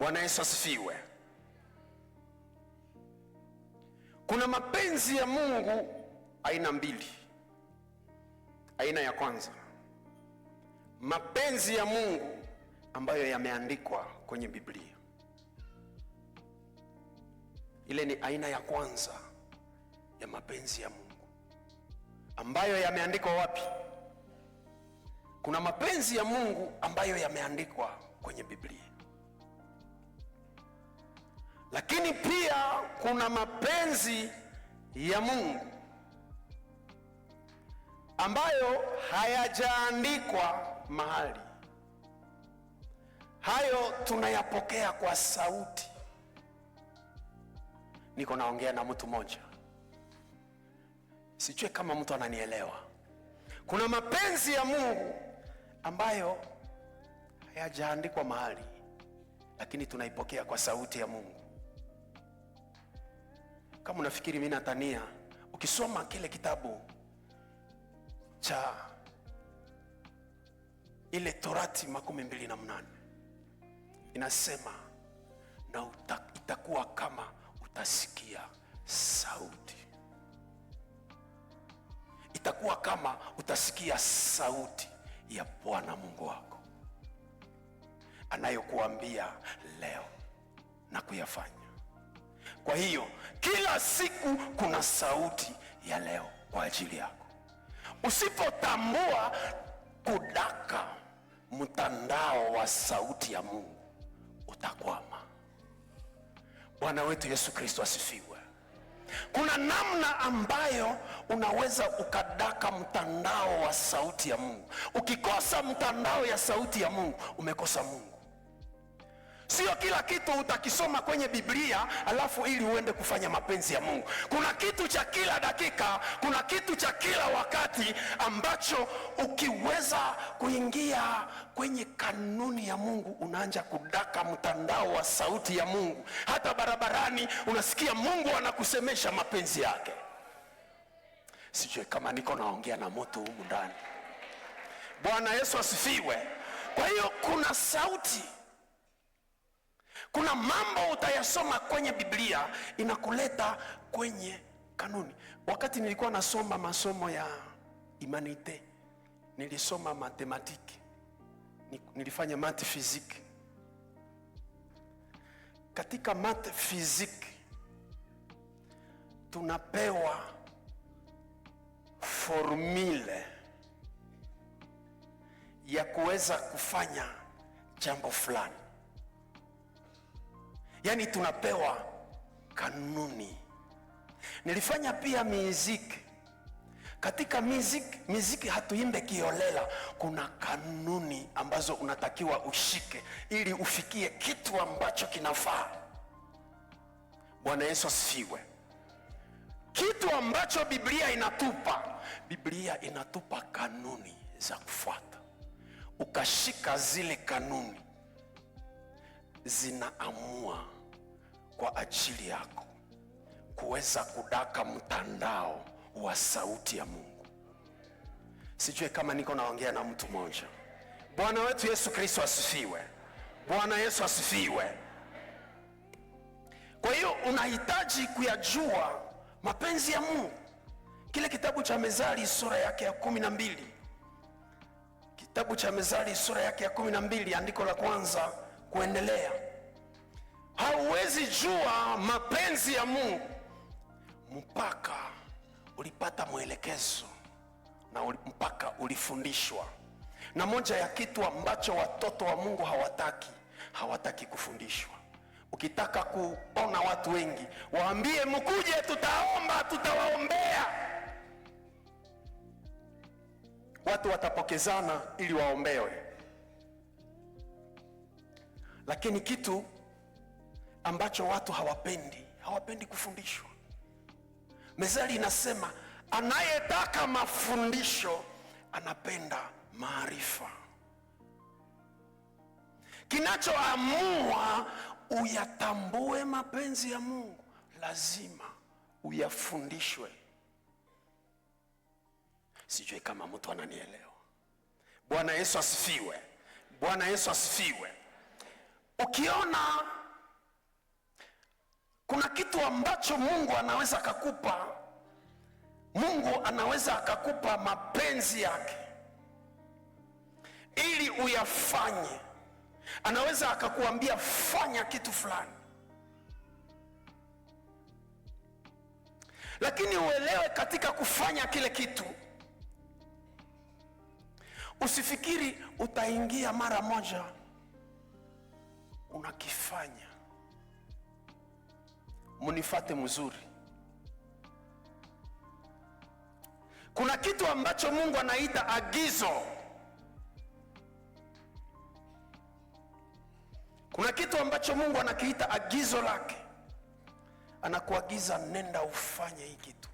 Bwana Yesu asifiwe. Kuna mapenzi ya Mungu aina mbili. Aina ya kwanza, mapenzi ya Mungu ambayo yameandikwa kwenye Biblia. Ile ni aina ya kwanza ya mapenzi ya Mungu ambayo yameandikwa wapi? Kuna mapenzi ya Mungu ambayo yameandikwa kwenye Biblia. Lakini pia kuna mapenzi ya Mungu ambayo hayajaandikwa mahali. Hayo tunayapokea kwa sauti. Niko naongea na mtu mmoja, sijue kama mtu ananielewa. Kuna mapenzi ya Mungu ambayo hayajaandikwa mahali, lakini tunaipokea kwa sauti ya Mungu kama unafikiri mimi natania, ukisoma kile kitabu cha ile Torati makumi mbili na mnane inasema na uta, itakuwa kama utasikia sauti, itakuwa kama utasikia sauti ya Bwana Mungu wako anayokuambia leo na kuyafanya. Kwa hiyo kila siku kuna sauti ya leo kwa ajili yako. Usipotambua kudaka mtandao wa sauti ya Mungu utakwama. Bwana wetu Yesu Kristo asifiwe. Kuna namna ambayo unaweza ukadaka mtandao wa sauti ya Mungu. Ukikosa mtandao ya sauti ya Mungu, umekosa Mungu. Sio kila kitu utakisoma kwenye Biblia alafu ili uende kufanya mapenzi ya Mungu. Kuna kitu cha kila dakika, kuna kitu cha kila wakati ambacho ukiweza kuingia kwenye kanuni ya Mungu unaanza kudaka mtandao wa sauti ya Mungu. Hata barabarani unasikia Mungu anakusemesha mapenzi yake. Sijui kama niko naongea na moto humu ndani. Bwana Yesu asifiwe. Kwa hiyo kuna sauti kuna mambo utayasoma kwenye Biblia inakuleta kwenye kanuni. Wakati nilikuwa nasoma masomo ya humanite, nilisoma matematiki, nilifanya math physics. Katika math physics tunapewa formule ya kuweza kufanya jambo fulani. Yaani tunapewa kanuni. Nilifanya pia miziki. Katika miziki, miziki hatuimbe kiolela. Kuna kanuni ambazo unatakiwa ushike ili ufikie kitu ambacho kinafaa. Bwana Yesu asifiwe. Kitu ambacho Biblia inatupa, Biblia inatupa kanuni za kufuata, ukashika zile kanuni zinaamua kwa ajili yako kuweza kudaka mtandao wa sauti ya Mungu. Sijue kama niko naongea na mtu mmoja. Bwana wetu Yesu Kristo asifiwe. Bwana Yesu asifiwe. Kwa hiyo unahitaji kuyajua mapenzi ya Mungu. Kile kitabu cha Mezali sura yake ya kumi na mbili, kitabu cha Mezali sura yake ya kumi na mbili andiko la kwanza kuendelea. Hauwezi jua mapenzi ya Mungu mpaka ulipata mwelekezo na mpaka ulifundishwa. Na moja ya kitu ambacho watoto wa Mungu hawataki, hawataki kufundishwa. Ukitaka kuona watu wengi, waambie mkuje, tutaomba, tutawaombea. Watu watapokezana ili waombewe. Lakini kitu ambacho watu hawapendi, hawapendi kufundishwa. Mezali inasema anayetaka mafundisho anapenda maarifa. Kinachoamua uyatambue mapenzi ya Mungu, lazima uyafundishwe. Sijui kama mtu ananielewa. Bwana Yesu asifiwe! Bwana Yesu asifiwe! Ukiona kuna kitu ambacho Mungu anaweza akakupa, Mungu anaweza akakupa mapenzi yake ili uyafanye. Anaweza akakuambia fanya kitu fulani, lakini uelewe katika kufanya kile kitu, usifikiri utaingia mara moja kufanya, mnifate mzuri. Kuna kitu ambacho Mungu anaita agizo, kuna kitu ambacho Mungu anakiita agizo lake, anakuagiza nenda ufanye hii kitu.